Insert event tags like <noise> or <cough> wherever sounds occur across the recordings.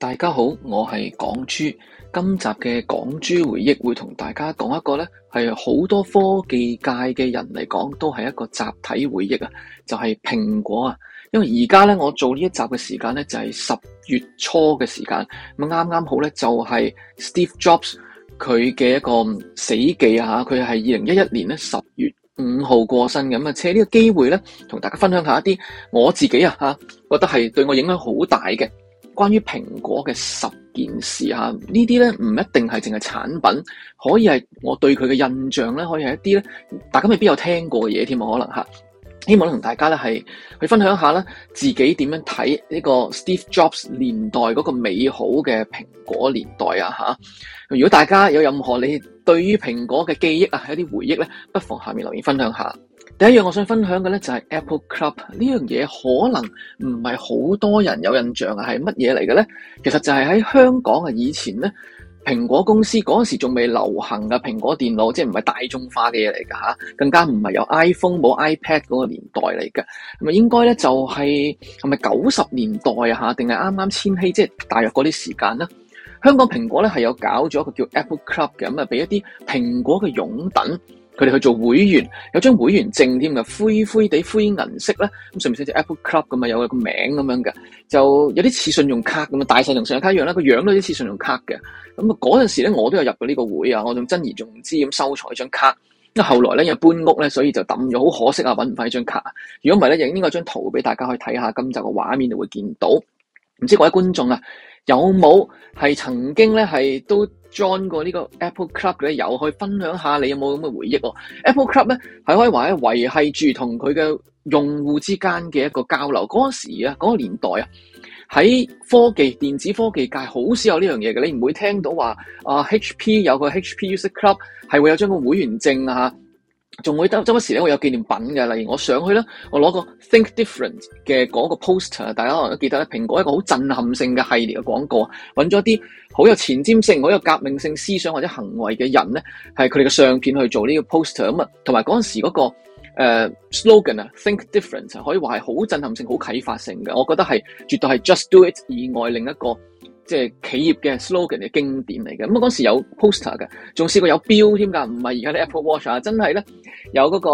大家好，我係港豬。今集嘅港豬回憶會同大家講一個咧，係好多科技界嘅人嚟講都係一個集體回憶啊。就係蘋果啊，因為而家咧我做呢一集嘅時間咧就係十月初嘅時間，咁啱啱好咧就係 Steve Jobs 佢嘅一個死忌吓，佢係二零一一年咧十月五號過身咁啊，借呢個機會咧同大家分享下一啲我自己啊吓，覺得係對我影響好大嘅。關於蘋果嘅十件事吓，呢啲咧唔一定係淨係產品，可以係我對佢嘅印象咧，可以係一啲咧，大家未必有聽過嘅嘢添啊，可能吓。希望同大家咧係去分享一下咧，自己點樣睇呢個 Steve Jobs 年代嗰個美好嘅蘋果年代啊！嚇，如果大家有任何你對於蘋果嘅記憶啊，係一啲回憶咧，不妨下面留言分享下。第一樣我想分享嘅咧就係 Apple Club 呢樣嘢，可能唔係好多人有印象啊，係乜嘢嚟嘅咧？其實就係喺香港啊，以前咧。蘋果公司嗰陣時仲未流行嘅、啊、蘋果電腦，即係唔係大眾化嘅嘢嚟㗎嚇，更加唔係有 iPhone 冇 iPad 嗰個年代嚟嘅。咁啊，應該咧就係係咪九十年代啊嚇，定係啱啱千禧，即係大約嗰啲時間咧？香港蘋果咧係有搞咗一個叫 Apple Club 嘅，咁啊俾一啲蘋果嘅擁躉。佢哋去做會員，有張會員證添嘅，灰灰地灰銀色啦，咁上面寫住 Apple Club 咁啊，有個名咁樣嘅，就有啲似信用卡咁啊，大細同信用卡一樣啦，個樣都有啲似信用卡嘅，咁啊嗰陣時咧，我都有入過呢個會啊，我仲珍而重之咁收藏張卡，因為後來咧又搬屋咧，所以就抌咗，好可惜啊，揾唔翻呢張卡。如果唔係咧，影呢個張圖俾大家可以睇下，今集個畫面就會見到。唔知各位觀眾啊～有冇係曾經咧係都 join 過呢個 Apple Club 嘅？有，去分享下你有冇咁嘅回憶？Apple Club 咧係可以話係維繫住同佢嘅用戶之間嘅一個交流。嗰時啊，嗰、嗰個年代啊，喺科技電子科技界好少有呢樣嘢嘅。你唔會聽到話啊，HP 有個 HP User Club 係會有張個會員證啊。仲會得周不時咧，我有紀念品嘅，例如我上去啦，我攞個 Think Different 嘅嗰個 poster，大家都記得咧，蘋果一個好震撼性嘅系列嘅廣告，揾咗啲好有前瞻性、好有革命性思想或者行為嘅人咧，係佢哋嘅相片去做呢個 poster 咁啊，同埋嗰陣時嗰個 slogan 啊，Think Different 可以話係好震撼性、好啟發性嘅，我覺得係絕對係 Just Do It 以外另一個。即係企業嘅 slogan 嘅經典嚟嘅，咁啊嗰時有 poster 嘅，仲試過有錶添㗎，唔係而家啲 Apple Watch 啊，真係咧有嗰個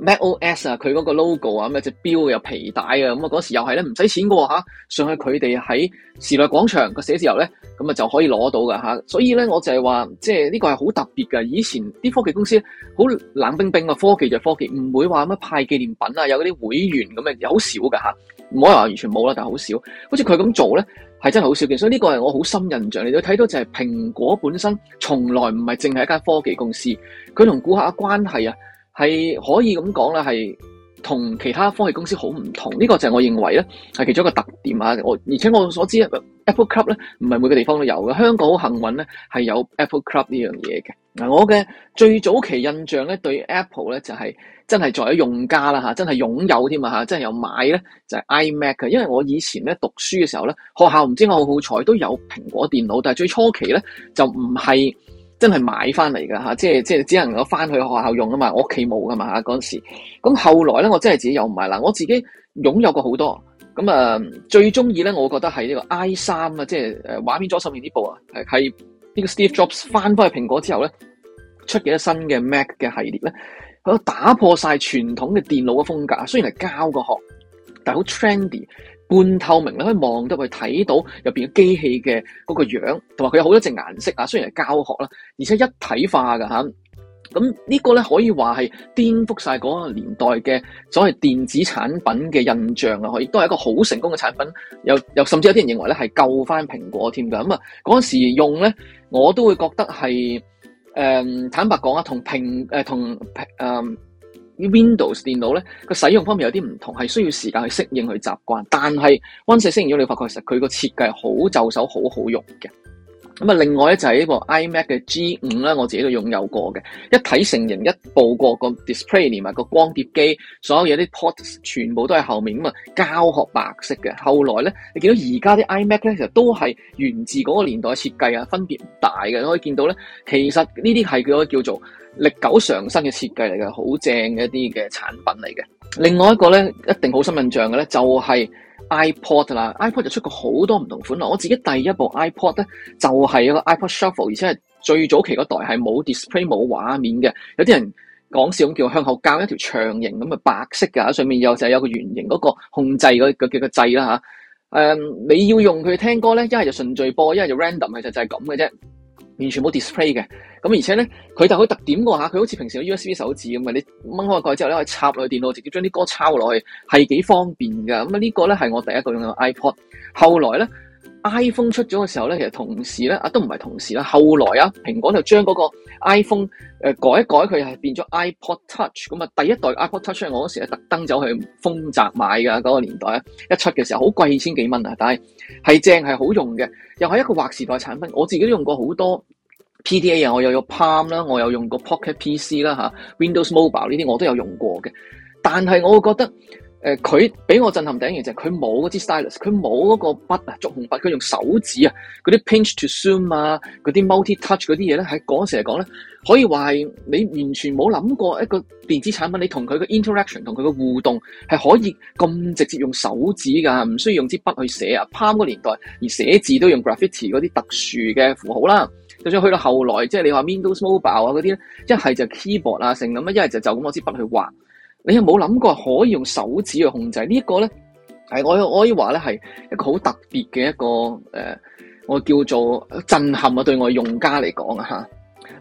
MacOS 啊，佢嗰個 logo 啊，咁啊隻錶有皮帶啊，咁啊嗰時又係咧唔使錢嘅喎，吓、上去佢哋喺時代廣場個寫字樓咧，咁、嗯、啊就可以攞到㗎。吓，所以咧我就係話，即係呢個係好特別嘅，以前啲科技公司好冷冰冰嘅，啊、科技就科技，唔會話乜派紀念品啊，有嗰啲會員咁嘅，好少㗎，啊。吓，唔可以話完全冇啦，但係好少，好似佢咁做咧。係真係好少見，所以呢個係我好深印象，你都睇到就係蘋果本身從來唔係淨係一間科技公司，佢同顧客嘅關係啊，係可以咁講啦係。同其他科技公司好唔同，呢個就係我認為咧係其中一個特點啊！我而且我所知 Apple Club 咧唔係每個地方都有嘅，香港好幸運咧係有 Apple Club 呢樣嘢嘅。嗱，我嘅最早期印象咧對 Apple 咧就係真係作為用家啦嚇，真係擁有添啊嚇，真係有買咧就係 iMac 嘅。因為我以前咧讀書嘅時候咧學校唔知我好好彩都有蘋果電腦，但係最初期咧就唔係。真係買翻嚟㗎，即係即係只能夠翻去學校用啊嘛，我屋企冇㗎嘛嗰陣時。咁後來咧，我真係自己有唔係啦，我自己擁有過好多。咁啊，最中意咧，我覺得係呢個 i 三啊，即係畫面左手邊呢部啊，係呢個 Steve Jobs 翻翻去蘋果之後咧，出幾多新嘅 Mac 嘅系列咧，佢都打破曬傳統嘅電腦嘅風格。雖然係膠嘅殼，但係好 trendy。半透明啦，可以望得佢睇到入面嘅機器嘅嗰個樣，同埋佢有好多隻顏色啊！雖然係膠殼啦，而且一體化㗎。咁呢個咧可以話係顛覆晒嗰個年代嘅所謂電子產品嘅印象啊！亦都係一個好成功嘅產品，又又甚至有啲人認為咧係救翻蘋果添㗎。咁啊嗰陣時用咧，我都會覺得係誒、呃、坦白講啊，同蘋誒同嗯。呃 Windows 電腦咧個使用方面有啲唔同，係需要時間去適應去習慣。但係温室 n d 適應咗你，發覺其實佢個設計好就手好好用嘅。咁啊，另外咧就係呢個 iMac 嘅 G 五咧，我自己都擁有過嘅。一體成型，一部過一個 display，連埋個光碟機，所有嘢啲 ports 全部都係後面咁啊，膠殼白色嘅。後來咧，你見到而家啲 iMac 咧，其實都係源自嗰個年代設計啊，分別唔大嘅。你可以見到咧，其實呢啲係叫叫做。歷久常新嘅設計嚟嘅，好正嘅一啲嘅產品嚟嘅。另外一個咧，一定好深印象嘅咧，就係 iPod 啦。iPod 就出過好多唔同款啦。我自己第一部 iPod 咧，就係一個 iPod Shuffle，而且係最早期個代係冇 display 冇畫面嘅。有啲人講笑咁叫香口膠，一條長形咁嘅，白色嘅，上面又就有個圓形嗰個控制嗰個叫個掣啦嚇。誒、啊嗯，你要用佢聽歌咧，一係就順序播，一係就 random，其實就係咁嘅啫。完全冇 display 嘅，咁而且咧佢就好特點個嚇，佢好似平時有 USB 手指咁嘅，你掹開個蓋之後咧可以插落電腦，直接將啲歌抄落去，係幾方便嘅。咁啊呢個咧係我第一個用嘅 iPod，後來咧。iPhone 出咗嘅時候咧，其實同時咧，啊都唔係同時啦，後來啊，蘋果就將嗰個 iPhone 誒、呃、改一改，佢係變咗 iPod Touch 咁、嗯、啊。第一代 iPod Touch 咧，我嗰時咧特登走去豐澤買噶，嗰個年代啊，一出嘅時候好貴，貴千幾蚊啊，但係係正係好用嘅，又係一個劃時代產品。我自己都用過好多 PDA 啊，我又有 Palm 啦，我有用過 Pocket PC 啦、啊、吓，Windows Mobile 呢啲我都有用過嘅，但係我會覺得。誒佢俾我震撼第一樣嘢就係佢冇嗰支 stylus，佢冇嗰個筆啊，觸控筆，佢用手指啊，嗰啲 pinch to zoom 啊，嗰啲 multi touch 嗰啲嘢咧，喺嗰時嚟講咧，可以話係你完全冇諗過一個電子產品，你同佢嘅 interaction，同佢嘅互動係可以咁直接用手指㗎，唔需要用支筆去寫啊。Palm 嗰年代而寫字都用 graffiti 嗰啲特殊嘅符號啦，就算去到後來，即係你話 Windows Mobile 啊嗰啲咧，一係就 keyboard 啊成咁啊，一係就就咁攞支筆去畫。你有冇諗過可以用手指去控制，這個，呢一個咧？係我我可以話咧係一個好特別嘅一個誒，我叫做震撼啊！對我用家嚟講啊吓。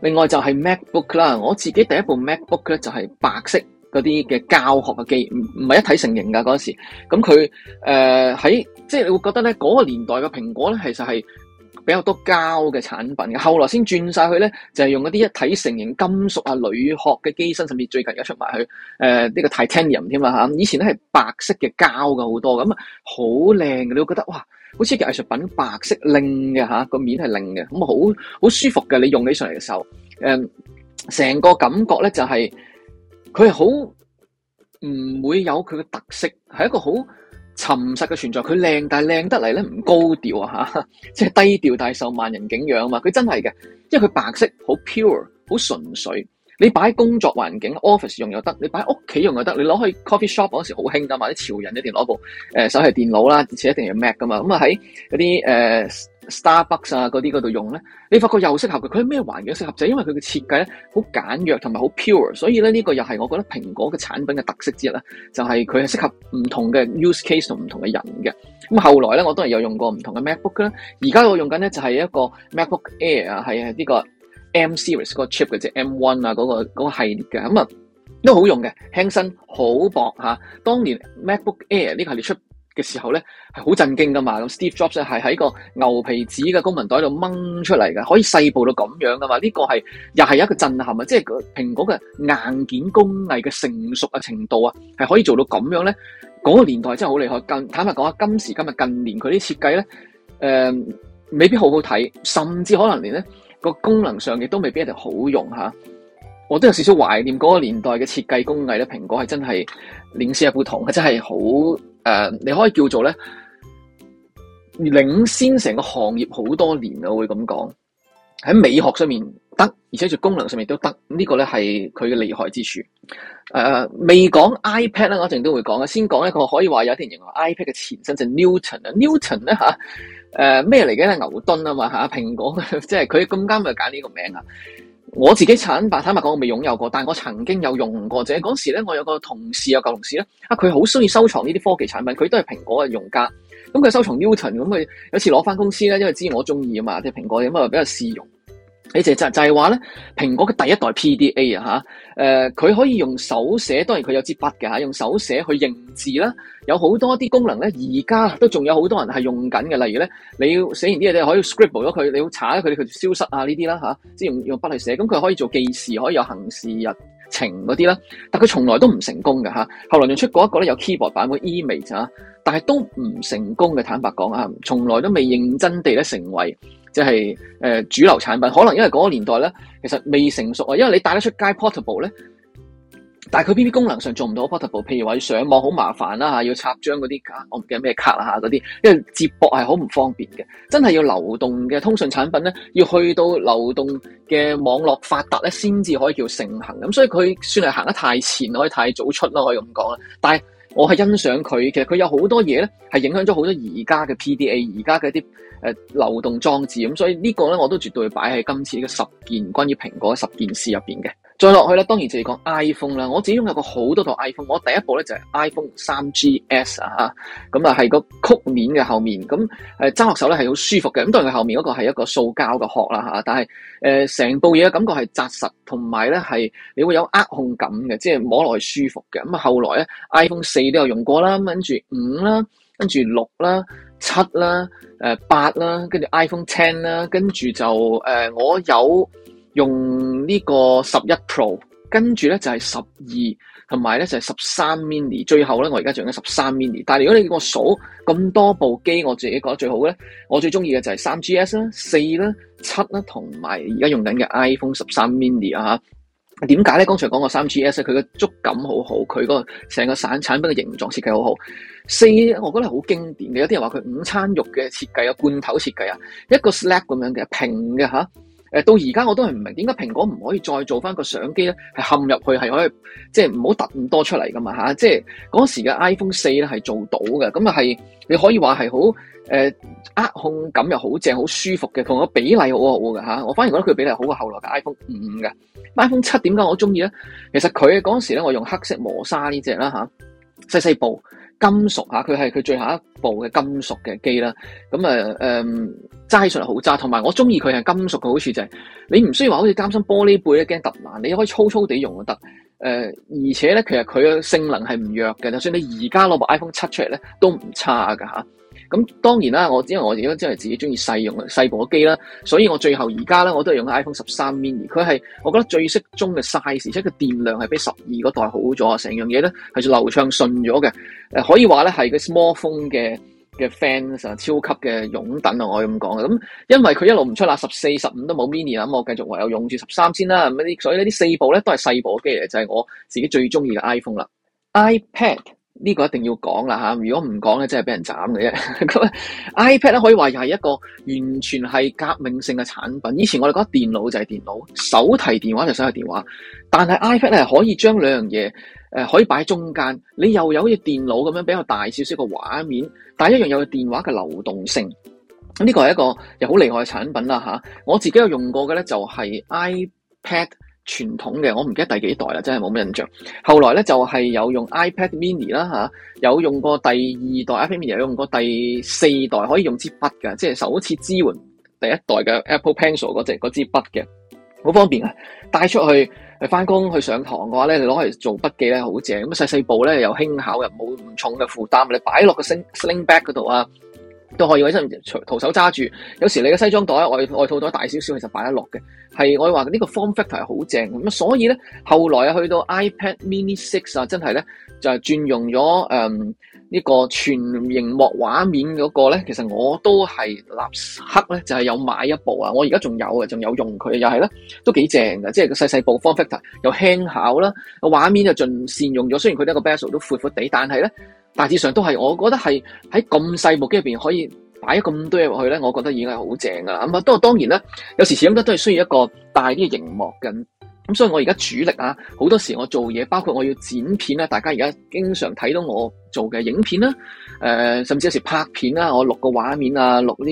另外就係 MacBook 啦，我自己第一部 MacBook 咧就係白色嗰啲嘅教學嘅機，唔唔係一體成型噶嗰、那個，時。咁佢誒喺即係你會覺得咧嗰，那個年代嘅蘋果咧，其實係。比較多膠嘅產品嘅，後來先轉晒去咧，就係、是、用嗰啲一體成型金屬啊、鋁殼嘅機身，甚至最近有出埋去誒呢個 Titanium 添嘛吓，以前咧係白色嘅膠嘅好多，咁啊好靚嘅，你會覺得哇，好似件藝術品，白色靚嘅嚇，個、啊、面係靚嘅，咁好好舒服嘅，你用起上嚟嘅時候，誒、嗯，成個感覺咧就係佢係好唔會有佢嘅特色，係一個好。沉實嘅存在，佢靚，但係靚得嚟咧唔高調啊吓，即係低調但係受萬人景仰啊嘛，佢真係嘅，因為佢白色好 pure 好純粹，你擺喺工作環境 office 用又得，你擺喺屋企用又得，你攞去 coffee shop 嗰時好興噶，嗰啲潮人電腦、呃、電腦一定攞部誒手提電腦啦，而且一定係 mac 噶嘛，咁啊喺嗰啲誒。呃 Starbucks 啊，嗰啲嗰度用咧，你發覺又適合佢。佢係咩環境適合就係因為佢嘅設計咧，好簡約同埋好 pure，所以咧呢個又係我覺得蘋果嘅產品嘅特色之一咧，就係佢係適合唔同嘅 use case 同唔同嘅人嘅。咁後來咧，我都係有用過唔同嘅 MacBook 啦。而家我用緊咧就係一個 MacBook Air 啊，係啊呢個 M Series 嗰個 chip 嘅即 M One 啊嗰個系列嘅，咁啊都好用嘅，輕身好薄嚇。當年 MacBook Air 呢個系列出嘅時候咧，係好震驚噶嘛？咁 Steve Jobs 係喺個牛皮紙嘅公文袋度掹出嚟嘅，可以細部到咁樣噶嘛？呢個係又係一個震撼啊！即係蘋果嘅硬件工藝嘅成熟嘅程度啊，係可以做到咁樣咧？嗰個年代真係好厲害。咁坦白講啊，今時今日近年佢啲設計咧，誒，未必好好睇，甚至可能連咧個功能上亦都未必人哋好用吓。我都有少少懷念嗰個年代嘅設計工藝咧，蘋果係真係領先一不同嘅，真係好。誒，uh, 你可以叫做咧，領先成個行業好多年啊！我會咁講，喺美學上面得，而且做功能上面都得，這個、呢個咧係佢嘅厲害之處。誒、uh,，未講 iPad 咧，我一陣都會講嘅。先講一個我可以話有一定型嘅 iPad 嘅前身，就是、New Newton 呢啊，Newton 咧吓，誒咩嚟嘅咧？牛頓啊嘛吓，蘋果、啊、即係佢咁啱咪揀呢個名啊！我自己坦白，坦白講我未擁有過，但我曾經有用過啫。嗰時呢，我有個同事啊，舊同事呢，啊佢好中意收藏呢啲科技產品，佢都係蘋果嘅用家。咁佢收藏 Newton，咁佢有次攞返公司呢，因為知我中意嘛，即係蘋果比較試用。你就就就係話咧，蘋果嘅第一代 PDA 啊嚇，佢、呃、可以用手寫，當然佢有支筆嘅、啊、用手寫去認字啦、啊，有好多啲功能咧，而家都仲有好多人係用緊嘅，例如咧，你要寫完啲嘢你可以 scribble 咗佢，你要查下佢佢消失呢啲啊呢啲啦嚇，即係用用筆嚟寫，咁、嗯、佢可以做記事，可以有行事日程嗰啲啦，但佢從來都唔成功嘅嚇、啊，後來仲出過一個咧有 keyboard 版嘅 eMate 啊，但係都唔成功嘅，坦白講啊，從來都未認真地咧成為。即係誒、呃、主流產品，可能因為嗰個年代咧，其實未成熟啊。因為你帶得出街 portable 咧，但係佢偏偏功能上做唔到 portable。譬如話要上網好麻煩啦、啊、嚇，要插張嗰啲卡，我唔記得咩卡啦嚇嗰啲，因為接駁係好唔方便嘅。真係要流動嘅通訊產品咧，要去到流動嘅網絡發達咧，先至可以叫盛行。咁所以佢算係行得太前，可以太早出咯，可以咁講啦。但係我係欣賞佢，其實佢有好多嘢咧，係影響咗好多而家嘅 PDA，而家嘅一啲。誒流動裝置咁，所以呢個咧我都絕對擺喺今次呢個十件關於蘋果的十件事入面嘅。再落去啦，當然就係講 iPhone 啦。我自己擁有過好多套 iPhone。我第一部咧就係、是、iPhone 3GS 啊，咁啊係個曲面嘅後面，咁誒揸落手咧係好舒服嘅。咁當然佢後面嗰個係一個塑膠嘅殼啦、啊、但係成、呃、部嘢嘅感覺係紮實，同埋咧係你會有握控感嘅，即係摸落去舒服嘅。咁啊後來咧 iPhone 四都有用過、啊、啦，跟住五啦。跟住六啦、七啦、誒八啦，跟住 iPhone X 啦，跟住就誒、呃、我有用呢個十一 Pro，跟住咧就係十二，同埋咧就係十三 Mini。最後咧，我而家用緊十三 Mini。但係如果你叫我數咁多部機，我自己覺得最好咧，我最中意嘅就係三 GS 啦、四啦、七啦，同埋而家用緊嘅 iPhone 十三 Mini 啊吓。點解咧？剛才講過 3GS 佢嘅觸感好好，佢嗰個成個散產品嘅形狀設計好好。四，我覺得好經典嘅。有啲人話佢午餐肉嘅設計啊，罐頭設計啊，一個 slap 咁樣嘅平嘅誒到而家我都係唔明點解蘋果唔可以再做返個相機咧，係陷入去係可以，即係唔好突咁多出嚟噶嘛嚇、啊，即係嗰時嘅 iPhone 四咧係做到嘅，咁啊係你可以話係好誒握控感又好正，好舒服嘅，同個比例好好嘅嚇，我反而覺得佢比例好過後來嘅 iPhone 五㗎。iPhone 七點解我中意咧？其實佢嗰時咧我用黑色磨砂呢隻啦嚇，細細部。金屬嚇，佢係佢最後一部嘅金屬嘅機啦。咁誒誒，齋上嚟好渣，同埋我中意佢係金屬嘅好處就係、是，你唔需要話好似擔心玻璃背咧驚抌爛，你可以粗粗地用就得。誒、呃，而且咧其實佢嘅性能係唔弱嘅，就算你而家攞部 iPhone 七出嚟咧都唔差㗎咁當然啦，我因為我而家真係自己中意細用細部機啦，所以我最後而家咧我都係用 iPhone 十三 mini，佢係我覺得最適中嘅 size，而且佢電量係比十二嗰代好咗，成樣嘢咧係流暢順咗嘅。誒可以話咧係個 small phone 嘅嘅 fans 啊，ans, 超級嘅擁躉啊，我可以咁講嘅。咁因為佢一路唔出啦，十四、十五都冇 mini 啦，咁我繼續唯有用住十三先啦。咁所以呢啲四部咧都係細部機嚟，就係我自己最中意嘅 iPhone 啦，iPad。呢個一定要講啦嚇！如果唔講咧，真係俾人斬嘅啫。咁 <laughs> iPad 咧可以話又係一個完全係革命性嘅產品。以前我哋覺得電腦就係電腦，手提電話就手提電話，但係 iPad 咧可以將兩樣嘢誒可以擺喺中間。你又有好似電腦咁樣比較大少少嘅畫面，但係一樣有一電話嘅流動性。咁、這、呢個係一個又好厲害嘅產品啦嚇！我自己有用過嘅咧就係 iPad。傳統嘅，我唔記得第幾代啦，真係冇咩印象。後來咧就係、是、有用 iPad Mini 啦、啊、有用過第二代 iPad Mini，有用過第四代可以用支筆嘅，即係首次支援第一代嘅 Apple Pencil 嗰隻嗰支筆嘅，好方便啊！帶出去返翻工去上堂嘅話咧，你攞嚟做筆記咧好正，咁細細部咧又輕巧又冇唔重嘅負擔，你擺落個 sling sling bag 嗰度啊！都可以，喺係隨徒手揸住。有時你嘅西裝袋、外外套袋大少少，其實擺得落嘅。係我話呢個 Form Factor 係好正咁，所以咧後來啊，去到 iPad Mini Six 啊，真係咧就係、是、轉用咗誒呢個全螢幕畫面嗰個咧。其實我都係立刻咧就係、是、有買一部啊！我而家仲有嘅，仲有用佢，又係咧都幾正㗎，即係個細細部 Form Factor 又輕巧啦，個畫面就盡善用咗。雖然佢得個 Bezel 都闊闊地，但係咧。大致上都係，我覺得係喺咁細部機入面可以擺咁多嘢落去咧，我覺得已經係好正噶啦。咁啊，不過當然啦，有時始終都係需要一個大啲嘅熒幕嘅。咁所以我而家主力啊，好多時我做嘢，包括我要剪片咧，大家而家經常睇到我做嘅影片啦、啊。誒、呃，甚至有時拍片啦、啊，我錄個畫面啊，錄啲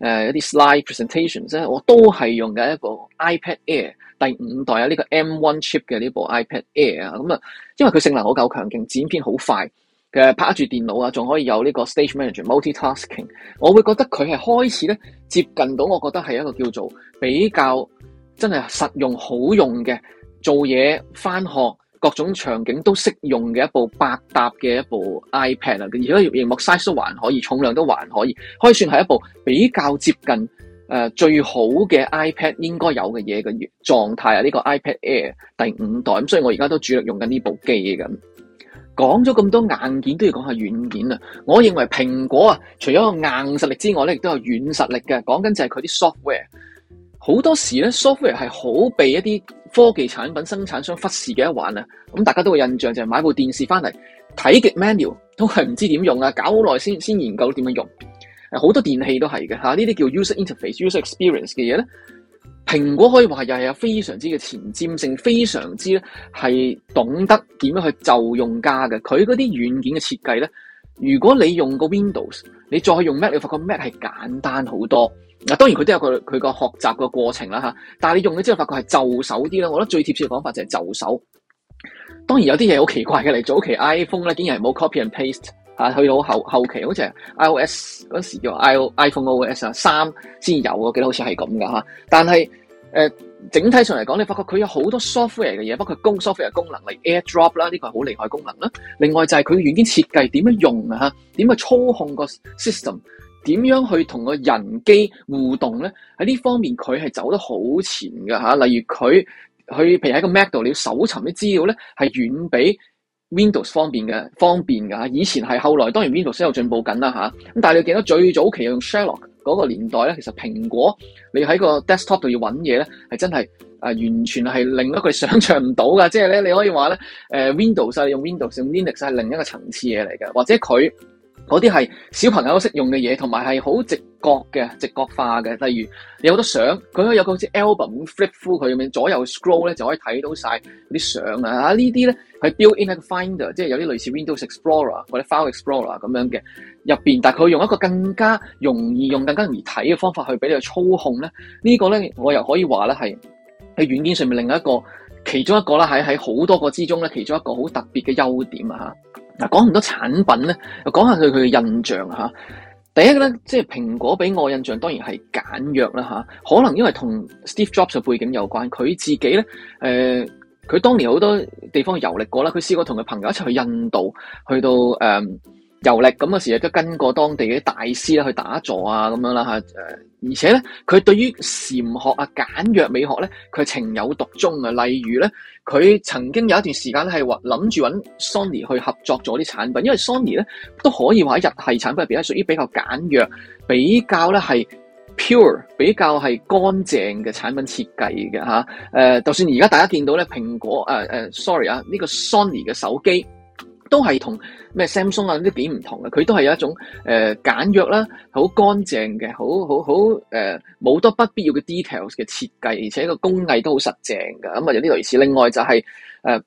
誒一啲、呃、slide presentation，即、啊、我都係用嘅一個 iPad Air 第五代啊，呢、這個 M1 Chip 嘅呢部 iPad Air 啊。咁啊，因為佢性能好夠強勁，剪片好快。嘅拍住電腦啊，仲可以有呢個 Stage Manager multitasking，我會覺得佢係開始咧接近到，我覺得係一個叫做比較真係實用好用嘅，做嘢、翻學各種場景都適用嘅一部百搭嘅一部 iPad 啊，而且熒幕 size 都還可以，重量都還可以，可以算係一部比較接近誒、呃、最好嘅 iPad 應該有嘅嘢嘅狀態啊！呢、這個 iPad Air 第五代，咁所以我而家都主力用緊呢部機嘅。講咗咁多硬件都要講下軟件啊！我認為蘋果啊，除咗個硬實力之外咧，亦都有軟實力嘅。講緊就係佢啲 software，好多時咧 software 係好被一啲科技產品生產商忽視嘅一環啊。咁大家都會印象就係買部電視翻嚟睇極 manual 都係唔知點用啊，搞好耐先先研究點樣用。誒，好多電器都係嘅吓，呢啲叫 user interface、user experience 嘅嘢咧。蘋果可以話又係有非常之嘅前瞻性，非常之咧係懂得點樣去就用家嘅。佢嗰啲軟件嘅設計咧，如果你用個 Windows，你再用 Mac，你發覺 Mac 係簡單好多。嗱，當然佢都有個佢個學習嘅過程啦吓。但係你用咗之後發覺係就手啲啦，我覺得最貼切嘅講法就係就手。當然有啲嘢好奇怪嘅你早期 iPhone 咧竟然係冇 copy and paste。啊，去到後，後期好似係 iOS 嗰時叫 i iPhone OS 啊，三先有我記得好似係咁嘅嚇。但係，呃，整體上嚟講，你發覺佢有好多 software 嘅嘢，包括高 software 功能，例如 AirDrop 啦，呢個係好厲害的功能啦。另外就係佢軟件設計點樣用啊？嚇，點去操控個 system？點樣去同個人機互動咧？喺呢方面佢係走得好前嘅嚇。例如佢佢譬如喺個 Mac 度，你要搜尋啲資料咧，係遠比。Windows 方便嘅方便㗎，以前係後來，當然 Windows 都有進步緊啦嚇，咁，但係你見到最早期用 Sherlock 嗰個年代咧，其實蘋果你喺個 desktop 度要揾嘢咧，係真係完全係令到佢想像唔到㗎。即係咧你可以話咧、呃、，Windows 啊，用 Windows 用 Linux 係另一個層次嘢嚟嘅，或者佢。嗰啲係小朋友都識用嘅嘢，同埋係好直覺嘅、直覺化嘅。例如有好多相，佢可以有個好似 album flip through，佢用左右 scroll 咧就可以睇到晒。嗰啲相啊！呢啲咧係 built-in A、like、finder，即係有啲類似 Windows Explorer 或者 File Explorer 咁樣嘅入邊。但佢用一個更加容易用、更加容易睇嘅方法去俾你去操控咧。這個、呢個咧我又可以話咧係喺軟件上面另一個其中一個啦，喺喺好多個之中咧其中一個好特別嘅優點啊！嗱，講咁多產品咧，又講下佢佢嘅印象嚇。第一咧，即係蘋果俾我印象當然係簡約啦嚇。可能因為同 Steve Jobs 嘅背景有關，佢自己咧，誒、呃，佢當年好多地方遊歷過啦。佢試過同佢朋友一齊去印度，去到誒、呃、遊歷咁嘅時候，亦都跟過當地嘅啲大師啦去打坐啊咁樣啦、呃而且咧，佢對於禪學啊、簡約美學咧，佢情有獨鍾啊。例如咧，佢曾經有一段時間咧，係話諗住揾 Sony 去合作咗啲產品，因為 Sony 咧都可以話喺日系產品入邊咧，屬於比較簡約、比較咧係 pure、是 ure，比較係乾淨嘅產品設計嘅吓。誒、啊，就算而家大家見到咧，蘋果誒誒、啊啊、，sorry 啊，呢、這個 Sony 嘅手機。都係、啊、同咩 Samsung 啊呢啲幾唔同嘅，佢都係有一種誒、呃、簡約啦，好乾淨嘅，好好好誒，冇、呃、多不必要嘅 details 嘅設計，而且個工藝都好實淨嘅。咁、嗯、啊有啲類似，另外就係、是、誒、呃、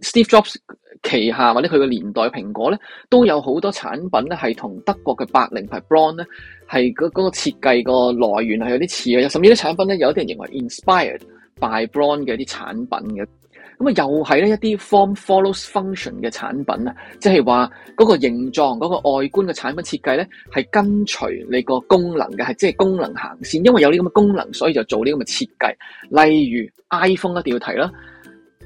Steve Jobs 旗下或者佢嘅年代蘋果咧，都有好多產品咧係同德國嘅百靈牌 Braun 咧係嗰嗰個設計個來源係有啲似嘅，甚至啲產品咧有啲人認為 inspired by Braun 嘅啲產品嘅。咁啊，又係咧一啲 form follows function 嘅產品啊，即係話嗰個形狀、嗰個外觀嘅產品設計咧，係跟隨你個功能嘅，係即係功能行先。因為有呢咁嘅功能，所以就做呢咁嘅設計。例如 iPhone 一定要提啦，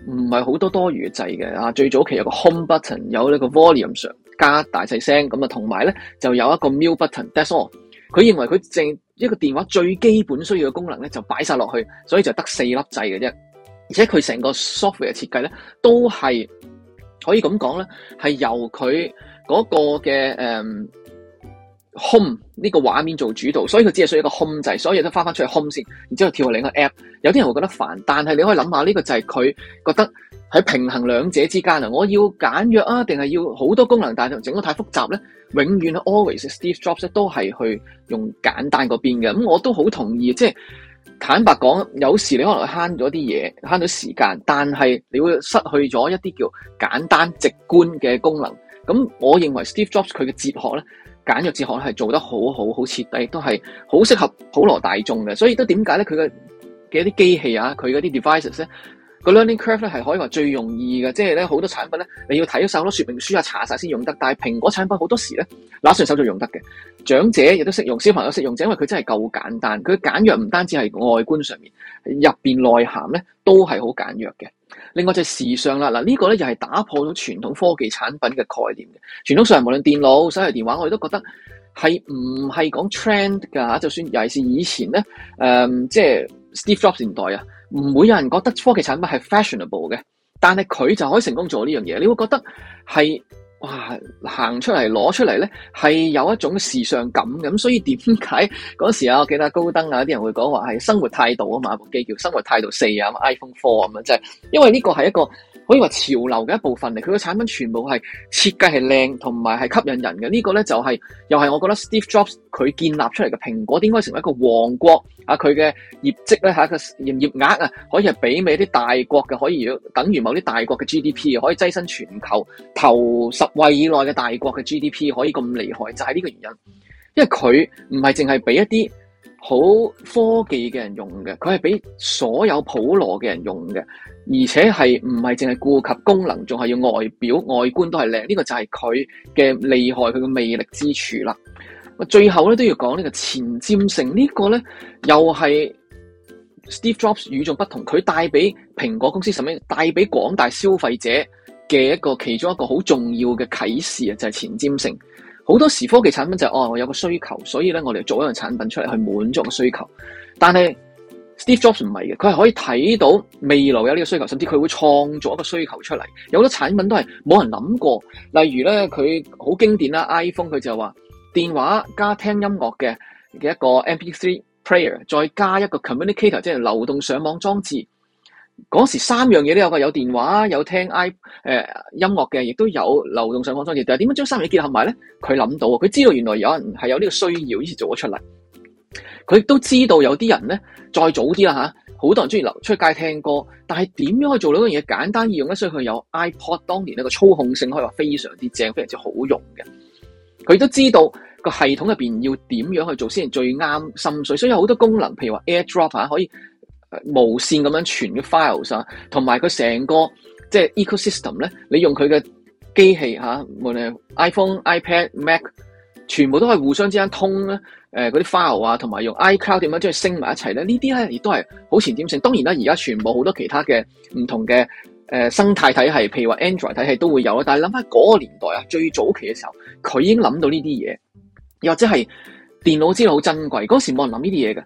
唔係好多多餘掣嘅啊。最早期有個 home button，有呢個 volume 上加大細聲。咁啊，同埋咧就有一個 mute button。That's all。佢認為佢淨一個電話最基本需要嘅功能咧，就擺晒落去，所以就得四粒掣嘅啫。而且佢成個 software 嘅設計咧，都係可以咁講咧，係由佢嗰個嘅誒、嗯、home 呢個畫面做主導，所以佢只係需要一個 home 掣，所以都翻翻出去 home 先，然之後跳去另一個 app。有啲人會覺得煩，但係你可以諗下，呢、這個就係佢覺得喺平衡兩者之間啊，我要簡約啊，定係要好多功能，但係整得太複雜咧，永遠 always Steve Jobs 都係去用簡單嗰邊嘅，咁、嗯、我都好同意，即係。坦白講，有時你可能慳咗啲嘢，慳咗時間，但係你會失去咗一啲叫簡單直觀嘅功能。咁我認為 Steve Jobs 佢嘅哲學咧，簡約哲學咧係做得好好好徹底，亦都係好適合普羅大眾嘅。所以都點解咧？佢嘅嘅一啲機器啊，佢嗰啲 devices 咧。個 learning curve 咧係可以話最容易嘅，即係咧好多產品咧你要睇晒好多說明書啊，查晒先用得。但係蘋果產品好多時咧拿上手就用得嘅，長者亦都識用，小朋友識用者，因為佢真係夠簡單。佢簡約唔單止係外觀上面，入邊內涵咧都係好簡約嘅。另外就係時尚啦，嗱、這個、呢個咧又係打破咗傳統科技產品嘅概念嘅。傳統上無論電腦、手提電話，我哋都覺得係唔係講 trend 㗎吓。就算尤其是以前咧、嗯，即係 Steve Jobs 年代啊。唔會有人覺得科技產品係 fashionable 嘅，但係佢就可以成功做呢樣嘢。你會覺得係哇，行出嚟攞出嚟咧，係有一種時尚感咁。所以點解嗰時啊，我記得高登啊啲人會講話係生活態度啊嘛，部機叫生活態度四啊，iPhone 4咁啊，即係因為呢個係一個。可以話潮流嘅一部分嚟，佢嘅產品全部係設計係靚，同埋係吸引人嘅。這個、呢個咧就係、是、又係我覺得 Steve Jobs 佢建立出嚟嘅蘋果應該成為一個王國啊！佢嘅業績咧一個營業額啊業額，可以係媲美啲大國嘅，可以等於某啲大國嘅 G D P，可以擠身全球頭十位以內嘅大國嘅 G D P，可以咁厲害，就係、是、呢個原因，因為佢唔係淨係俾一啲。好科技嘅人用嘅，佢係俾所有普羅嘅人用嘅，而且係唔係淨係顧及功能，仲係要外表外觀都係靚。呢個就係佢嘅厲害，佢嘅魅力之處啦。咁最後咧都要講呢個前瞻性，呢個咧又係 Steve Jobs 與眾不同，佢帶俾蘋果公司，甚至帶俾廣大消費者嘅一個其中一個好重要嘅啟示啊，就係前瞻性。好多時科技產品就係哦，我有個需求，所以咧我哋做一樣產品出嚟去滿足個需求。但係 Steve Jobs 唔係嘅，佢係可以睇到未來有呢個需求，甚至佢會創造一個需求出嚟。有好多產品都係冇人諗過，例如咧佢好經典啦 iPhone，佢就話電話加聽音樂嘅嘅一個 MP3 player，再加一個 communicator，即係流動上網裝置。嗰時三樣嘢都有個，有電話，有聽 i 誒、呃、音樂嘅，亦都有流動上網裝嘅。但係點樣將三樣嘢結合埋咧？佢諗到，佢知道原來有人係有呢個需要，於是做咗出嚟。佢亦都知道有啲人咧，再早啲啦吓，好多人中意流出街聽歌，但係點樣可以做到呢樣嘢簡單易用咧？所以佢有 iPod 當年呢個操控性可以話非常之正，非常之好用嘅。佢都知道個系統入邊要點樣去做先最啱心水，所以有好多功能，譬如話 AirDrop、啊、可以。無線咁樣傳嘅 files 啊，同埋佢成個即係、就是、ecosystem 咧，你用佢嘅機器吓，無論 iPhone、iPad、Mac，全部都係互相之間通咧。誒、呃，嗰啲 file 啊，同埋用 iCloud 點樣將佢升埋一齊咧？呢啲咧亦都係好前瞻性。當然啦，而家全部好多其他嘅唔同嘅誒生態體系，譬如話 Android 體系都會有啦。但係諗翻嗰個年代啊，最早期嘅時候，佢已經諗到呢啲嘢，又或者係電腦資料好珍貴，嗰時冇人諗呢啲嘢嘅。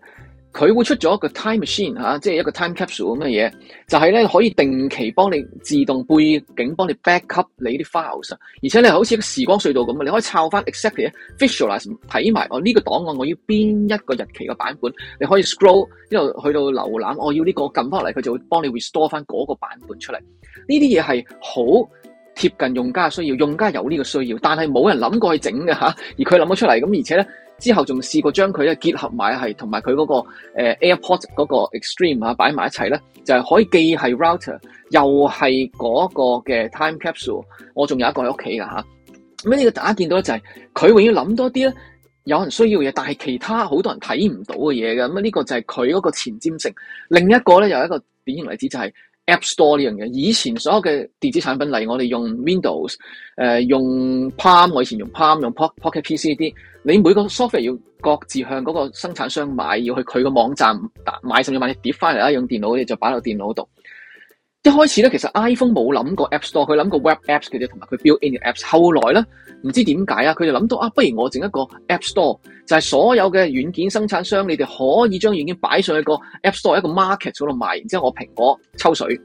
佢會出咗一個 Time Machine、啊、即係一個 Time Capsule 咁嘅嘢，就係、是、咧可以定期幫你自動背景幫你 backup 你啲 files，而且你好似一個時光隧道咁啊，你可以抄翻 exactly visualise 睇埋我呢、哦呢個檔案，我要邊一個日期嘅版本，你可以 scroll 一路去到瀏覽，我、哦、要呢、呢個撳翻嚟，佢就會幫你 restore 翻嗰個版本出嚟。呢啲嘢係好貼近用家嘅需要，用家有呢個需要，但係冇人諗過去整嘅嚇，而佢諗咗出嚟咁，而,而且咧。之後仲試過將佢咧結合埋係同埋佢嗰個 AirPort 嗰個 Extreme 啊擺埋一齊咧，就係可以既係 router 又係嗰個嘅 Time Capsule。我仲有一個喺屋企噶吓。咁呢個大家見到咧就係佢永遠諗多啲咧，有人需要嘅嘢，但係其他好多人睇唔到嘅嘢嘅。咁啊呢個就係佢嗰個前瞻性。另一個咧有一個典型例子就係。App Store 呢樣嘢，以前所有嘅電子產品，例如我哋用 Windows，誒、呃，用 Palm，我以前用 Palm，用 Pocket PC 啲，你每個 software 要各自向嗰個生產商買，要去佢個網站買，甚至買啲碟翻嚟啦，用電腦嘅就擺落電腦度。一開始咧，其實 iPhone 冇諗過 App Store，佢諗過 Web Apps 佢哋，同埋佢 built-in Apps。後來咧，唔知點解啊，佢就諗到啊，不如我整一個 App Store，就係所有嘅軟件生產商，你哋可以將軟件擺上去一個 App Store，一個 market 嗰度賣，然之後我蘋果抽水。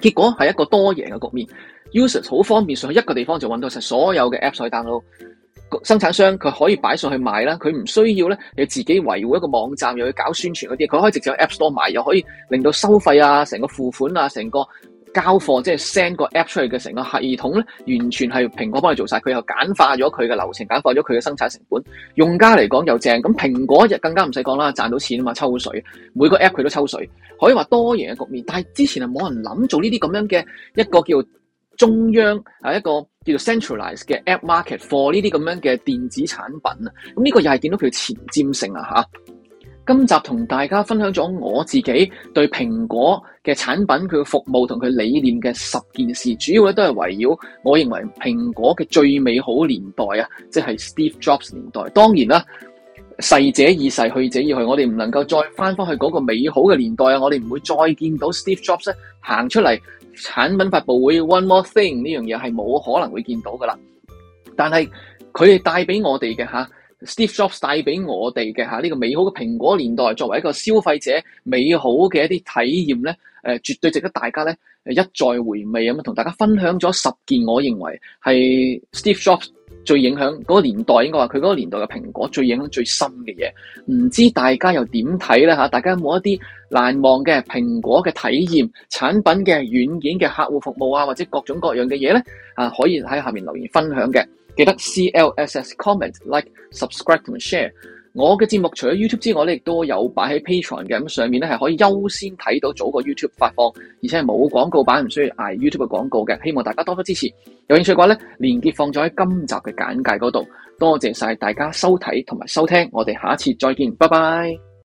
結果係一個多贏嘅局面，Users 好方便上去一個地方就搵到晒所有嘅 App 可以 download。生產商佢可以擺上去賣啦，佢唔需要咧，又自己維護一個網站，又去搞宣傳嗰啲，佢可以直接喺 App Store 賣，又可以令到收費啊，成個付款啊，成個交貨即係 send 個 App 出去嘅成個系統咧，完全係蘋果幫你做晒，佢又簡化咗佢嘅流程，簡化咗佢嘅生產成本。用家嚟講又正，咁蘋果就更加唔使講啦，賺到錢啊嘛，抽水每個 App 佢都抽水，可以話多贏嘅局面。但係之前係冇人諗做呢啲咁樣嘅一個叫中央係一個叫做 centralized 嘅 app market for 呢啲咁樣嘅電子產品啊，咁呢個又係見到佢前瞻性啊吓。今集同大家分享咗我自己對蘋果嘅產品佢嘅服務同佢理念嘅十件事，主要咧都係圍繞我認為蘋果嘅最美好年代啊，即係 Steve Jobs 年代。當然啦，逝者已逝，去者已去，我哋唔能夠再翻翻去嗰個美好嘅年代啊！我哋唔會再見到 Steve Jobs 咧行出嚟。產品發布會 One More Thing 呢樣嘢係冇可能會見到噶啦，但係佢哋帶俾我哋嘅吓 Steve Jobs 帶俾我哋嘅吓呢個美好嘅蘋果年代，作為一個消費者美好嘅一啲體驗咧，誒絕對值得大家咧誒一再回味咁樣同大家分享咗十件，我認為係 Steve Jobs。最影響嗰個年代應該話佢嗰個年代嘅蘋果最影響最深嘅嘢，唔知大家又點睇咧吓？大家有冇一啲難忘嘅蘋果嘅體驗、產品嘅軟件嘅客戶服務啊，或者各種各樣嘅嘢咧啊？可以喺下面留言分享嘅，記得 CLSS comment like subscribe 同 share。我嘅節目除咗 YouTube 之外呢，亦都有擺喺 Patreon 嘅，咁上面呢，係可以優先睇到早過 YouTube 發放，而且係冇廣告版，唔需要捱 YouTube 嘅廣告嘅。希望大家多多支持，有興趣嘅話呢，鏈接放咗喺今集嘅簡介嗰度。多謝晒大家收睇同埋收聽，我哋下次再見，拜拜。